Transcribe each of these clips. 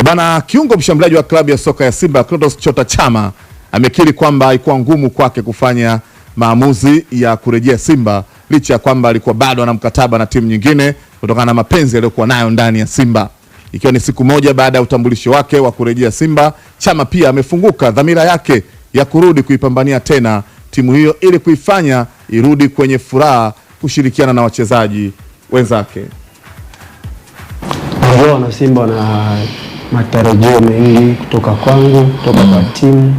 E bana, kiungo mshambuliaji wa klabu ya soka ya Simba Clatous Chota Chama amekiri kwamba haikuwa ngumu kwake kufanya maamuzi ya kurejea Simba licha ya kwamba alikuwa bado ana mkataba na timu nyingine kutokana na mapenzi aliyokuwa nayo ndani ya Simba. Ikiwa ni siku moja baada ya utambulisho wake wa kurejea Simba, Chama pia amefunguka dhamira yake ya kurudi kuipambania tena timu hiyo ili kuifanya irudi kwenye furaha kushirikiana na wachezaji wenzake. Simba na matarajio mengi kutoka kwangu, kutoka kwa timu,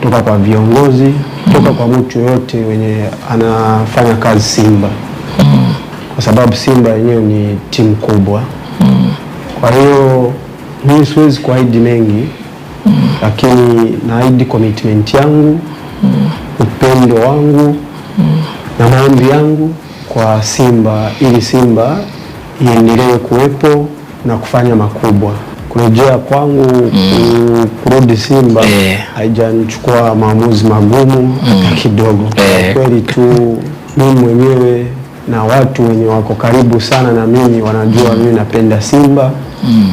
kutoka kwa viongozi, kutoka kwa mtu yoyote wenye anafanya kazi Simba, kwa sababu Simba yenyewe ni timu kubwa. Kwa hiyo mimi siwezi kuahidi mengi, lakini naahidi commitment yangu, upendo wangu na maombi yangu kwa Simba ili Simba iendelee kuwepo na kufanya makubwa kurejea kwangu mm. kurudi Simba eh. haijanichukua eh. maamuzi magumu mm. hata mm. kidogo eh. kweli tu mimi mwenyewe na watu wenye wako karibu sana na mimi wanajua mm. mimi napenda Simba mm.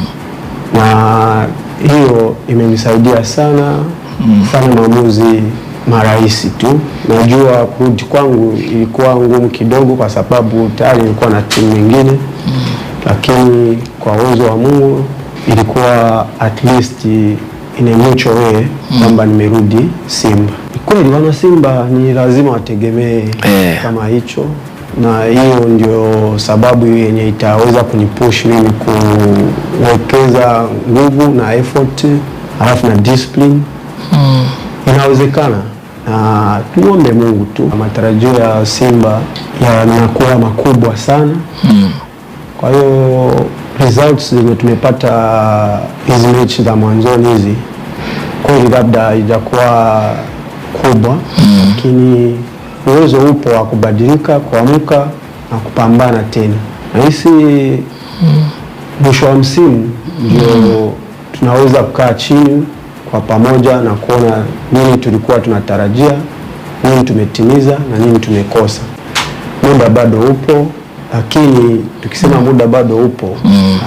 na hiyo imenisaidia sana mm. sana maamuzi marahisi tu. Najua kurudi kwangu ilikuwa ngumu kidogo, kwa sababu tayari ilikuwa na timu nyingine mm. lakini kwa uwezo wa Mungu ilikuwa at least in a mutual way hmm. kwamba nimerudi Simba. Kweli wana Simba ni lazima wategemee eh, kama hicho, na hiyo ndio sababu yenye itaweza kunipush mimi kuwekeza nguvu na effort halafu na discipline mm. inawezekana na tuombe Mungu tu, matarajio ya Simba yanakuwa makubwa sana mm. Kwa hiyo results zenye tumepata hizi mechi za mwanzoni hizi kweli labda haijakuwa kubwa, lakini mm. uwezo upo wa kubadilika, kuamka na kupambana tena. Nahisi mwisho mm. wa msimu ndio mm. tunaweza kukaa chini kwa pamoja na kuona nini tulikuwa tunatarajia, nini tumetimiza na nini tumekosa. Muda bado upo lakini tukisema muda bado upo mm.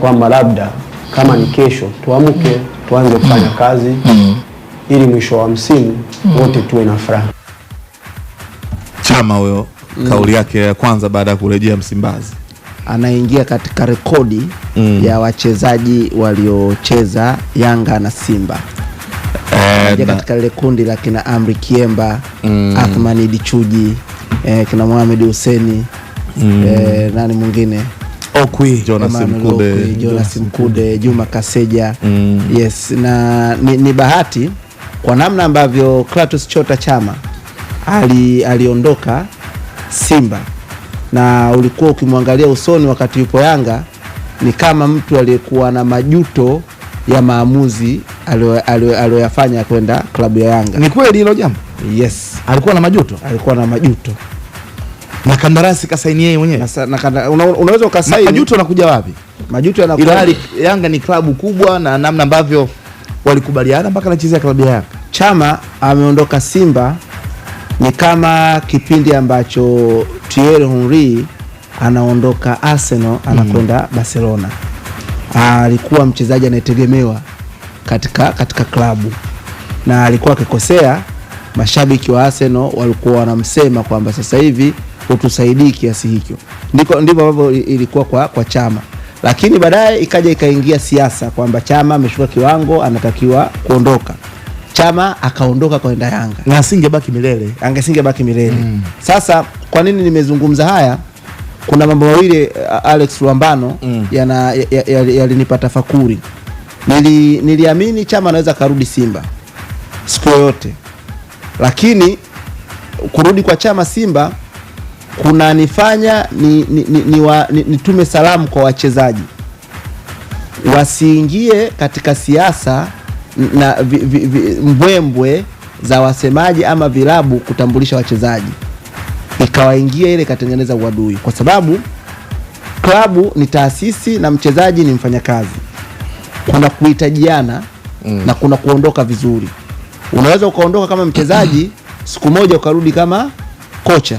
kwamba labda kama ni kesho tuamke tuanze kufanya mm. kazi mm. ili mwisho wa msimu mm. wote tuwe na furaha. Chama huyo mm. kauli yake ya kwanza baada ya kurejea Msimbazi anaingia katika rekodi mm. ya wachezaji waliocheza Yanga na Simba anaingia eh, katika lile kundi la kina Amri Kiemba mm. Athmani Dichuji eh, kina Mohamed Huseni mm. e, nani mwingine Okwi, Jonas Mkude, Jonas Mkude, Juma Kaseja mm. yes, na ni, ni bahati kwa namna ambavyo Clatous Chota Chama ali, aliondoka Simba na ulikuwa ukimwangalia usoni wakati yupo Yanga ni kama mtu aliyekuwa na majuto ya maamuzi aliyoyafanya kwenda klabu ya Yanga. Ni kweli hilo jambo? Yes, alikuwa na majuto, alikuwa na majuto na kandarasi kasaini yeye mwenyewe. Unaweza ukasaini. Majuto anakuja wapi? Majuto yanakuja. Yanga ni klabu kubwa na namna ambavyo walikubaliana mpaka anachezea klabu ya Yanga. Chama ameondoka Simba ni kama kipindi ambacho Thierry Henry anaondoka Arsenal anakwenda mm. Barcelona. Alikuwa mchezaji anayetegemewa katika, katika klabu na alikuwa akikosea, mashabiki wa Arsenal walikuwa wanamsema kwamba sasa hivi utusaidii kiasi hicho. Ndiko ndivyo ambavyo ilikuwa kwa, kwa Chama, lakini baadaye ikaja ikaingia siasa kwamba Chama ameshuka kiwango, anatakiwa kuondoka. Chama akaondoka kwenda Yanga na asingebaki milele, angesingebaki milele mm. Sasa kwa nini nimezungumza haya? Kuna mambo mawili eh, Alex Luambano mm. yalinipata ya, ya, ya, ya fakuri. Nili, niliamini Chama anaweza karudi Simba siku yoyote, lakini kurudi kwa Chama Simba kunanifanya ni, ni, ni, ni wa, ni, nitume salamu kwa wachezaji wasiingie katika siasa na vi, vi, vi, mbwembwe za wasemaji ama vilabu kutambulisha wachezaji ikawaingia ile ikatengeneza uadui, kwa sababu klabu ni taasisi na mchezaji ni mfanyakazi. Kuna kuhitajiana mm. na kuna kuondoka vizuri. Unaweza ukaondoka kama mchezaji siku moja ukarudi kama kocha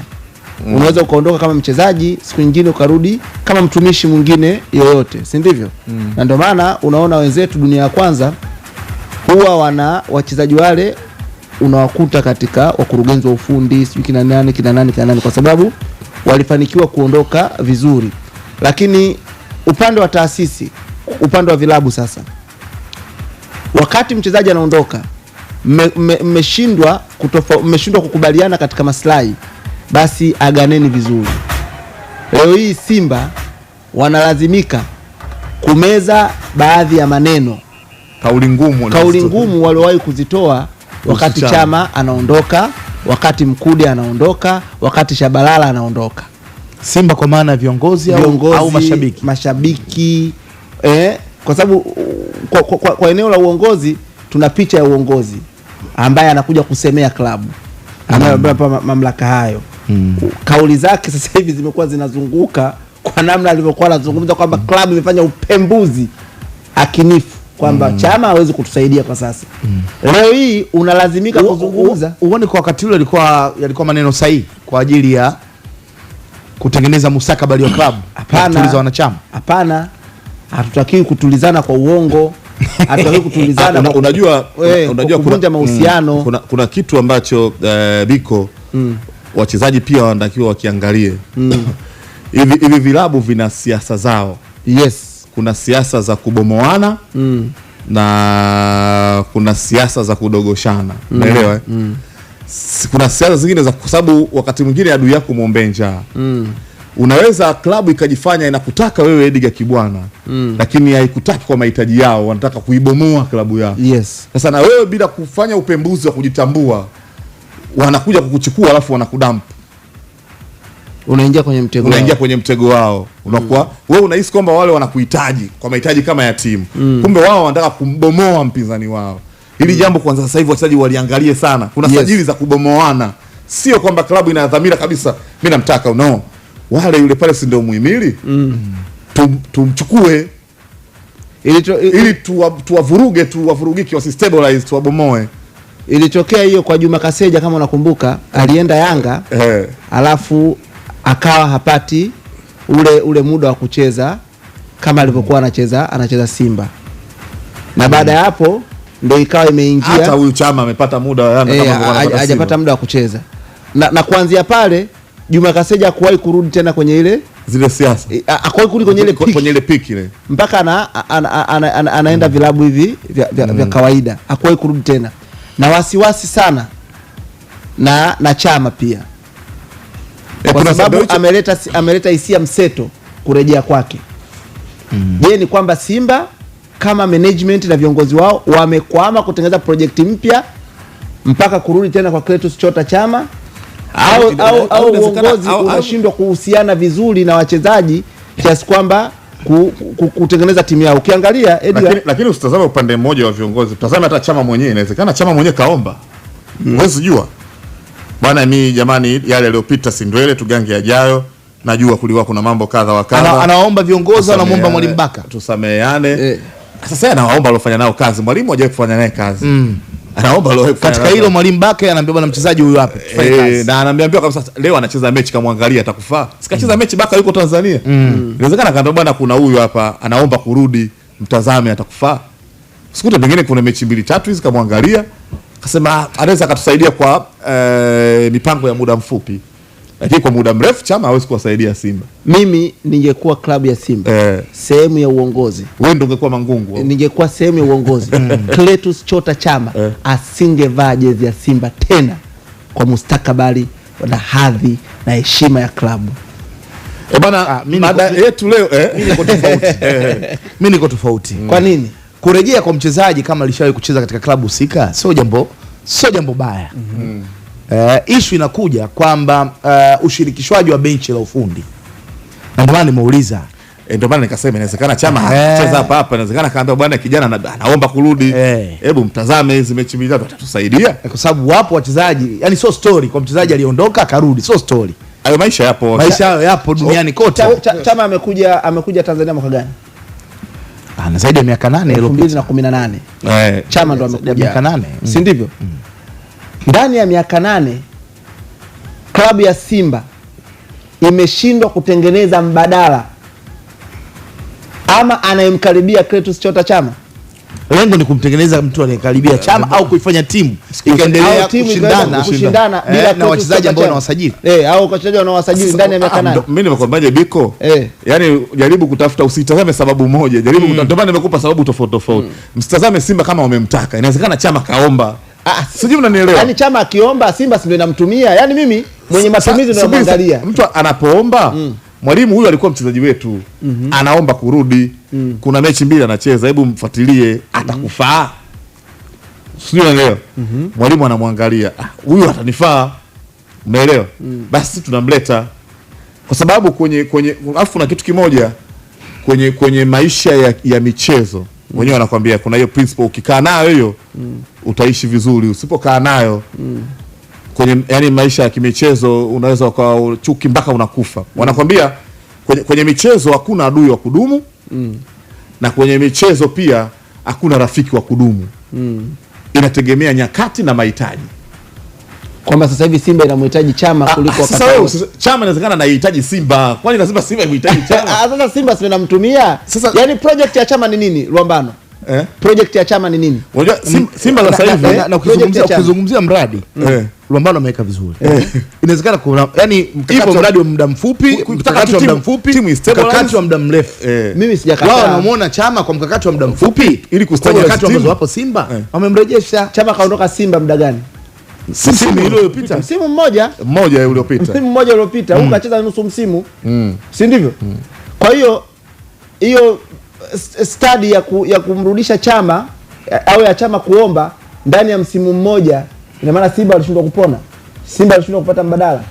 mm. unaweza ukaondoka kama mchezaji, siku nyingine ukarudi kama mtumishi mwingine yoyote, si ndivyo? mm. na ndio maana unaona wenzetu dunia ya kwanza huwa wana wachezaji wale unawakuta katika wakurugenzi wa ufundi, sijui kina nani kina nani kina nani, kwa sababu walifanikiwa kuondoka vizuri. Lakini upande wa taasisi, upande wa vilabu sasa, wakati mchezaji anaondoka, mmeshindwa kutofa, mmeshindwa kukubaliana katika maslahi basi aganeni vizuri. Leo hii Simba wanalazimika kumeza baadhi ya maneno, kauli ngumu, kauli ngumu waliowahi kuzitoa wakati Chama anaondoka, wakati Mkude anaondoka, wakati Shabalala anaondoka Simba kwa maana ya viongozi, viongozi au mashabiki, mashabiki eh, kwa sababu kwa, kwa, kwa eneo la uongozi tuna picha ya uongozi ambaye anakuja kusemea klabu anayopewa mm. mamlaka hayo mm. kauli zake sasa hivi zimekuwa zinazunguka kwa namna alivyokuwa anazungumza kwamba mm. klabu imefanya upembuzi akinifu kwamba mm. Chama hawezi kutusaidia kwa sasa mm. Leo hii unalazimika kuzungumza. Uone kwa wakati ule yalikuwa yalikuwa maneno sahihi kwa ajili ya kutengeneza mustakabali wa klabu hapana, wanachama hapana, hatutakiwi kutulizana kwa uongo hatutakiwi kutulizana una, unajua, eh, unajua kuna mm. mahusiano kuna, kuna kitu ambacho uh, eh, Biko mm wachezaji pia wanatakiwa wakiangalie mm. hivi vilabu vina siasa zao. Yes, kuna siasa za kubomoana mm. na kuna siasa za kudogoshana mm. naelewa mm. kuna siasa zingine za, kwa sababu wakati mwingine adui yako muombe njaa mm. Unaweza klabu ikajifanya inakutaka wewe Edgar Kibwana mm. lakini haikutaki kwa mahitaji yao, wanataka kuibomoa klabu yao Yes. Sasa na wewe bila kufanya upembuzi wa kujitambua wanakuja kukuchukua alafu wanakudamp, unaingia kwenye mtego, unaingia kwenye mtego wao, unakuwa mm. wewe unahisi kwamba wale wanakuhitaji kwa mahitaji kama ya timu mm. kumbe wao wanataka kumbomoa mpinzani wao. Hili mm. jambo kwanza, sasa hivi wachezaji waliangalie sana, kuna yes. sajili za kubomoana, sio kwamba klabu ina dhamira kabisa, mimi namtaka no wale yule pale, si ndio muhimili mm. tumchukue tum ili tuwavuruge tuwavurugike, wasistabilize tuwabomoe. Ilitokea hiyo kwa Juma Kaseja kama unakumbuka, alienda Yanga eh, alafu akawa hapati ule ule muda wa kucheza kama alivyokuwa anacheza anacheza Simba na baada ya hapo ndio ikawa imeingia hata huyu Chama amepata muda wa Yanga eh, kama hajapata muda wa kucheza na, na kuanzia pale Juma Kaseja hakuwahi kurudi tena kwenye ile zile siasa, eh, hakuwahi kurudi kwenye ile kwenye ile piki ile mpaka ana, ana, ana, ana, ana, anaenda mm. vilabu hivi vya, vya, vya mm. kawaida hakuwahi kurudi tena na wasiwasi sana na na chama pia e, kwa sababu ameleta ameleta hisia mseto kurejea kwake. Je, mm. ni kwamba Simba kama management na viongozi wao wamekwama kutengeneza projekti mpya mpaka kurudi tena kwa Kletus Chota Chama au, au, au uongozi unashindwa kuhusiana vizuri na wachezaji kiasi kwamba ku, ku, kutengeneza timu yao. Ukiangalia lakini, lakini usitazame upande mmoja wa viongozi, tazame hata chama mwenyewe. Inawezekana chama mwenyewe kaomba, mm. huwezi jua Bwana mi jamani, yale yaliyopita si tugange yajayo. Najua kuliwa kuna mambo kadha wa kadha, anawaomba viongozi, anamwomba Mwalimu Baka tusameheane. Eh. Sasa yeye anawaomba aliofanya nao kazi, Mwalimu hajawahi kufanya naye kazi mm anaomba leo katika hilo mwalimu Bake anaambia bwana mchezaji huyu hapa tufanye eh, na anaambia kabisa leo anacheza mechi, kama angalia atakufaa. Sikacheza mm. mechi Baka yuko Tanzania, mm. Mm. inawezekana kaambia bwana, kuna huyu hapa anaomba kurudi, mtazame atakufaa. sikuta pengine kuna mechi mbili tatu hizi, angalia kasema ah, anaweza akatusaidia kwa eh, mipango ya muda mfupi lakini kwa muda mrefu Chama hawezi kuwasaidia Simba. Mimi ningekuwa klabu ya Simba eh, sehemu ya uongozi, wewe ndio ungekuwa Mangungu, ningekuwa sehemu ya uongozi eh. Cletus Chota Chama eh, asingevaa jezi ya Simba tena kwa mustakabali na hadhi na heshima ya klabu. E bana, ah, mada yetu leo eh? mi niko tofauti niko tofauti. Kwa nini kurejea kwa mchezaji kama alishawahi kucheza katika klabu husika sio jambo sio jambo baya mm -hmm. Uh, eh, ishu inakuja kwamba uh, ushirikishwaji wa benchi la ufundi, na ndio maana nimeuliza E, ndio maana nikasema inawezekana Chama hacheza hapa hapa, inawezekana kaambia bwana, kijana anaomba kurudi, hebu mtazame hizi mechi mbili tatu, atatusaidia kwa sababu wapo wachezaji, yani sio story kwa mchezaji aliondoka akarudi, sio story hayo, maisha yapo, maisha hayo yapo duniani kote. Chama amekuja amekuja Tanzania mwaka gani? Ana ah, zaidi ya miaka nane, 2018 eh, Chama ndo amekuja miaka nane, si ndivyo? Mm. Ndani ya miaka nane klabu ya Simba imeshindwa kutengeneza mbadala ama anayemkaribia Clatous Chota Chama. Lengo ni kumtengeneza mtu anayekaribia Chama au kuifanya timu ikaendelea kushindana, kushindana bila eh, na wachezaji ambao wanawasajili eh, au wachezaji wanawasajili ndani ya miaka ah, nane. Mimi nimekwambiaje Biko, eh, yani jaribu kutafuta, usitazame sababu moja, jaribu. Mm. Ndio maana nimekupa sababu tofauti tofauti. Mm. Msitazame Simba kama wamemtaka, inawezekana Chama kaomba Ah, ah, sijui mnanielewa. Yaani chama akiomba Simba si ndio inamtumia. Yaani mimi mwenye matumizi ndio naangalia. Mtu anapoomba mm. Mwalimu huyu alikuwa mchezaji wetu mm -hmm. Anaomba kurudi mm. Kuna mechi mbili anacheza, hebu mfuatilie mhm. atakufaa. Sijui unaelewa. mm -hmm. Mwalimu anamwangalia ah, huyu atanifaa. Umeelewa? mm. Basi tunamleta kwa sababu kwenye kwenye, alafu na kitu kimoja kwenye kwenye maisha ya, ya michezo mwenyewe anakwambia kuna hiyo principle, ukikaa nayo hiyo mm. utaishi vizuri. Usipokaa nayo mm. kwenye yani maisha ya kimichezo unaweza ukawa chuki mpaka unakufa mm. wanakwambia kwenye, kwenye michezo hakuna adui wa kudumu mm. na kwenye michezo pia hakuna rafiki wa kudumu mm. inategemea nyakati na mahitaji kwamba sasa hivi Simba inamhitaji Chama ah, kuliko ah, wakati. Sasa Chama inawezekana anahitaji Simba, kwani lazima Simba imhitaji Chama? Ah, sasa Simba sio namtumia. Yani project ya Chama ni nini Lwambano? Eh? Project ya Chama ni nini? Unajua Simba sasa hivi na ukizungumzia mradi eh, Lwambano ameweka vizuri. eh. Inawezekana kuna yani ipo mradi wa muda mfupi, mkakati wa muda mfupi, timu mkakati wa muda mrefu. eh. Mimi sijakataa. Wao wanamuona Chama kwa mkakati wa muda mfupi ili kustabilize wakati ambazo wapo Simba, eh. wamemrejesha. Chama kaondoka Simba muda gani? msimu uliopita, msimu mmoja mmoja uliopita, msimu mmoja uliopita mm. ukacheza nusu msimu mm. si ndivyo? Mm. kwa hiyo hiyo stadi ya, ku, ya kumrudisha Chama au ya Chama kuomba ndani ya msimu mmoja, ina maana Simba alishindwa kupona, Simba alishindwa kupata mbadala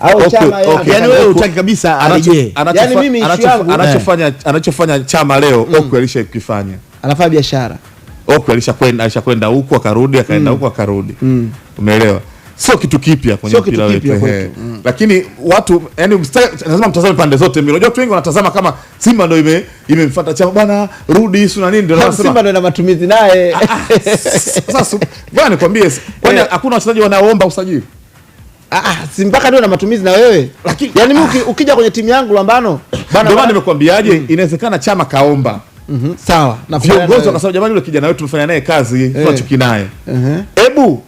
au okay, Chama okay. Okay. Yani wewe utaki kabisa arejee, yani mimi anachofanya eh. anachofanya Chama leo mm. Okwi alishakifanya, anafanya biashara Oprah alishakwenda alishakwenda huko akarudi akaenda huko mm. akarudi, mm. umeelewa? Sio kitu kipya kwenye so mpira wetu eh. mm. Lakini watu yani, lazima mtazame pande zote mbili. Unajua watu wengi wanatazama kama Simba ndio ime imemfuata chama bwana, rudi sio na nini, ndio nasema Simba ndio na matumizi naye. Ah, ah. Sasa bwana, nikwambie kwani eh. hakuna wachezaji wanaoomba usajili? Ah ah, si mpaka ndio na matumizi na wewe. Lakini yani mimi ukija kwenye timu yangu Lambano, bana ndio maana nimekwambiaje, mm. inawezekana chama kaomba Mhm. Sawa na viongozi wakasema jamani, yule kijana wetu tumefanya naye kazi eh, tunachuki naye hebu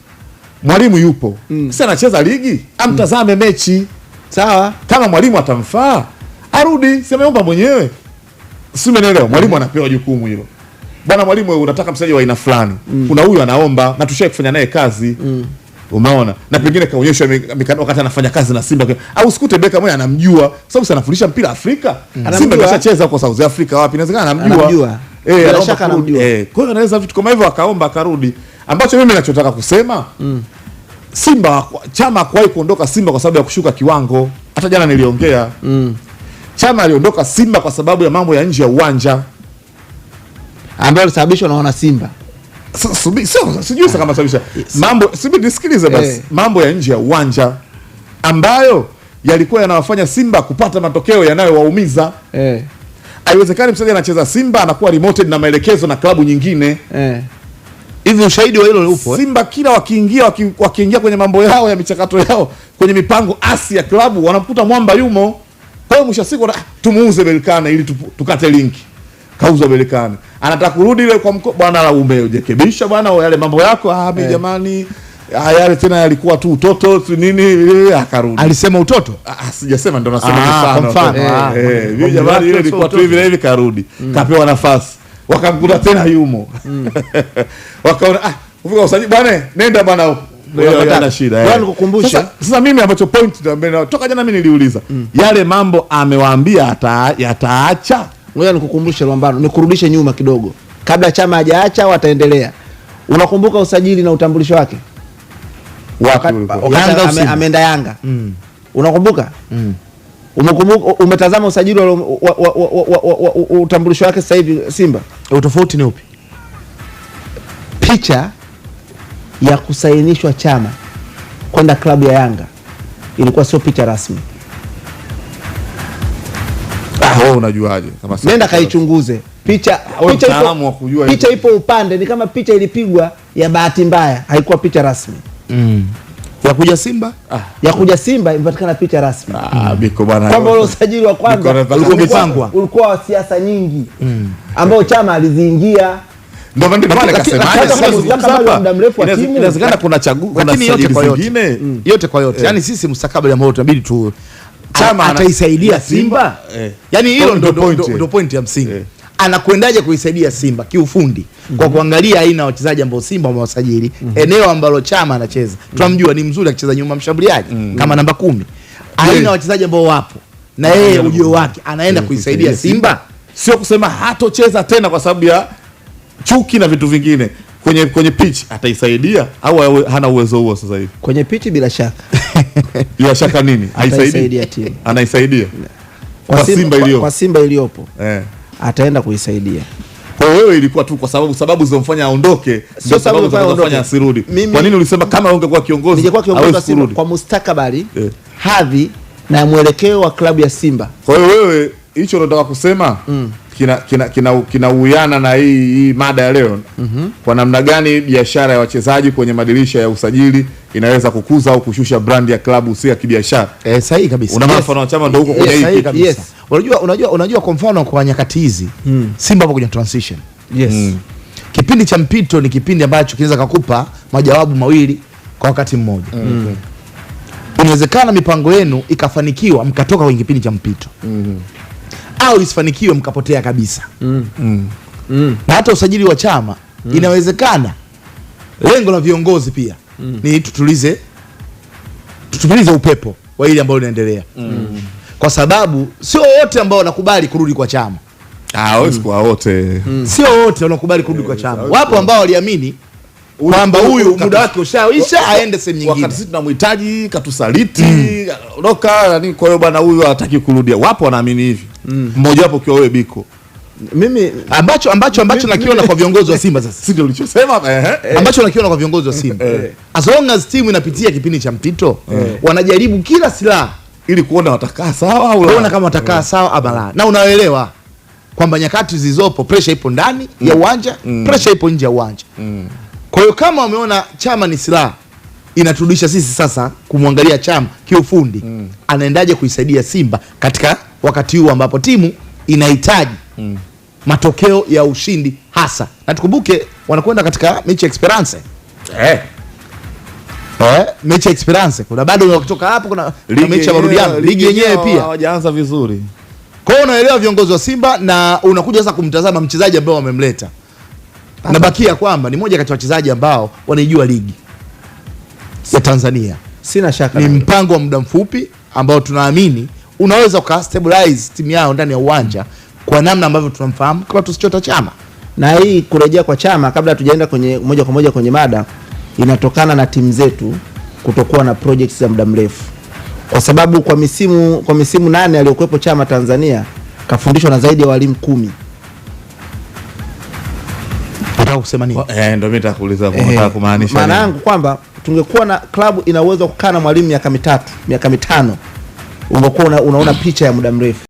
mwalimu yupo mm. Sasa anacheza ligi amtazame mm. mechi sawa, kama mwalimu atamfaa arudi, simeomba mwenyewe, si umeelewa? Mwalimu mm. anapewa jukumu hilo bwana, mwalimu unataka mchezaji wa aina fulani mm. kuna huyu anaomba na tushaye kufanya naye kazi mm. Umeona, na pengine kaonyesha wakati anafanya kazi na Simba au sikute Beka mwenye anamjua, sababu anafundisha mpira Afrika. Mm. Simba kashacheza kwa South Africa, wapi, inawezekana anamjua. Eh, bila shaka anamjua. Eh, kwa hiyo anaweza vitu kama hivyo, akaomba akarudi. Ambacho mimi ninachotaka kusema mm. Simba Chama hakuwahi kuondoka Simba kwa sababu ya kushuka kiwango. Hata jana niliongea mm. Chama aliondoka Simba kwa sababu ya mambo ya nje ya uwanja ambayo alisababishwa na wana Simba sijui sakamasababisha ah. mambo, nisikilize basi, eh. mambo ya nje ya uwanja ambayo yalikuwa yanawafanya Simba kupata matokeo yanayowaumiza eh. haiwezekani. Mchezaji anacheza Simba anakuwa remoted na maelekezo na klabu nyingine eh. hivi ushahidi wa hilo upo eh? Simba kila wakiingia waki, wakiingia kwenye mambo yao ya michakato yao kwenye mipango asi ya klabu wanamkuta mwamba yumo. Kwa hiyo mwisho wa siku ah, tumuuze Belkane ili tukate linki kauza Marekani, anataka kurudi ile kwa mko bwana, umejekebisha bwana, yale mambo yako ah, mimi eh. Jamani ah, yale tena yalikuwa tu utoto si nini, akarudi. Alisema utoto? Ah, ah sijasema, ndo nasema ah, kwa mfano. Eh, eh jamani, ile ilikuwa tu hivi na hivi, karudi mm. kapewa nafasi wakamkuta tena yumo mm. wakaona ah, ufika usajili bwana, nenda bwana eh. sasa, sasa mimi ambacho point toka jana mimi niliuliza mm. yale mambo amewaambia yataacha Ngoja nikukumbushe Lwambano, nikurudishe nyuma kidogo, kabla chama hajaacha au ataendelea. Unakumbuka usajili na utambulisho wake ameenda Yanga? Mm. Unakumbuka? Mm. Umetazama usajili wa utambulisho wake sasa hivi Simba, utofauti ni upi? Picha ya kusainishwa chama kwenda klabu ya Yanga ilikuwa sio picha rasmi wewe unajuaje? Kama nenda kaichunguze picha, picha ipo, picha ipo upande, ni kama picha ilipigwa ya bahati mbaya, haikuwa picha rasmi mm. Ya kuja Simba ah. ya kuja Simba imepatikana picha rasmi ah, kwamba ule usajili wa kwanza ulikuwa wa siasa nyingi mm. ambao chama aliziingia inawezekana kuna chaguo, lakini mm. yote kwa yote, yote eh. kwa yote, yani sisi mustakabali ambao tunabidi tu chama ataisaidia Simba, Simba? Eh. Yani hilo ndo point ndo eh. point ya msingi eh. Anakwendaje kuisaidia Simba kiufundi mm -hmm. Kwa mhm. kuangalia aina ya wachezaji ambao Simba wamewasajili mm -hmm. Eneo ambalo chama anacheza mm -hmm. Tunamjua ni mzuri akicheza nyuma mshambuliaji mm -hmm. Kama namba kumi aina yeah. wachezaji ambao wapo na yeye ujio wake anaenda yeah, kuisaidia yeah, Simba, sio kusema hatocheza tena kwa sababu ya chuki na vitu vingine kwenye kwenye pitch ataisaidia au hana uwezo huo sasa hivi kwenye pitch? Bila shaka bila shaka nini haisaidii anaisaidia kwa, kwa Simba iliyopo, kwa Simba iliyopo eh, ataenda kuisaidia. Kwa wewe ilikuwa tu kwa sababu sababu zilizomfanya aondoke, sio sababu zilizomfanya asirudi. Kwa nini ulisema kama ungekuwa kiongozi ningekuwa kiongozi wa Simba kwa mustakabali eh, hadhi na mwelekeo wa klabu ya Simba? Kwa hiyo wewe hicho unataka kusema mm kina kina kinauiana kina na hii hii mada ya leo mm -hmm. Kwa namna gani biashara ya wachezaji kwenye madirisha ya usajili inaweza kukuza au kushusha brand ya klabu si ya kibiashara? Eh, sahihi kabisa. Una mfano wa chama ndio huko kwenye hii kabisa. Yes. Unajua unajua unajua kwa mfano kwa nyakati hizi mm. Simba hapo kwenye transition. Yes. Mm. Kipindi cha mpito ni kipindi ambacho kinaweza kukupa majawabu mawili kwa wakati mmoja. Mm. Mm. Inawezekana mipango yenu ikafanikiwa mkatoka kwenye kipindi cha mpito. Mm au isifanikiwe mkapotea kabisa mm. Mm. Mm. na hata usajili wa chama mm. inawezekana lengo la viongozi pia mm. ni tutulize tutulize upepo wa ile ambayo inaendelea mm. kwa sababu sio wote ambao wanakubali kurudi kwa chama ah, mm. wote mm. sio wote wanakubali kurudi yeah, kwa chama yeah, wapo ambao waliamini kwamba huyu muda wake ushaisha aende sehemu nyingine, wakati sisi tunamhitaji katusaliti, mm. ondoka. Yaani kwa hiyo bwana huyu hataki kurudia. Wapo wanaamini hivyo mmoja wapo kiwa wewe Biko mimi ambacho ambacho ambacho nakiona kwa viongozi wa Simba sasa, sio ulichosema eh, eh. eh, ambacho nakiona kwa viongozi wa Simba eh. as long as timu inapitia kipindi cha mpito wanajaribu kila silaha ili kuona watakaa sawa au kuona kama watakaa sawa ama la, na unaelewa kwamba nyakati zilizopo pressure ipo ndani mm. ya uwanja mm. pressure ipo nje ya uwanja mm. kwa hiyo kama wameona chama ni silaha inaturudisha sisi sasa kumwangalia chama kiufundi mm. anaendaje kuisaidia Simba katika wakati huu ambapo timu inahitaji mm. matokeo ya ushindi hasa, na tukumbuke wanakwenda katika mechi experience eh. Eh, mechi experience kuna bado kutoka hapo kuna, kuna mechi ya marudiano ligi yenyewe pia hawajaanza vizuri. Kwa unaelewa viongozi wa Simba na unakuja sasa kumtazama mchezaji ambao wamemleta, nabakia kwamba ni moja kati ya wachezaji ambao wanaijua ligi ya Tanzania. Sina shaka ni mpango wa muda mfupi ambao tunaamini unaweza ukastabilize timu yao ndani ya uwanja kwa namna ambavyo tunamfahamu kama tusichota Chama. Na hii kurejea kwa Chama, kabla tujaenda kwenye moja kwa moja kwenye mada, inatokana na timu zetu kutokuwa na projects za muda mrefu, kwa sababu kwa misimu kwa misimu nane aliyokuwepo Chama Tanzania kafundishwa na zaidi ya walimu kumi. Maana yangu kwamba tungekuwa na klabu ina uwezo kukaa na mwalimu miaka mitatu miaka mitano umekuwa una, unaona picha ya muda mrefu.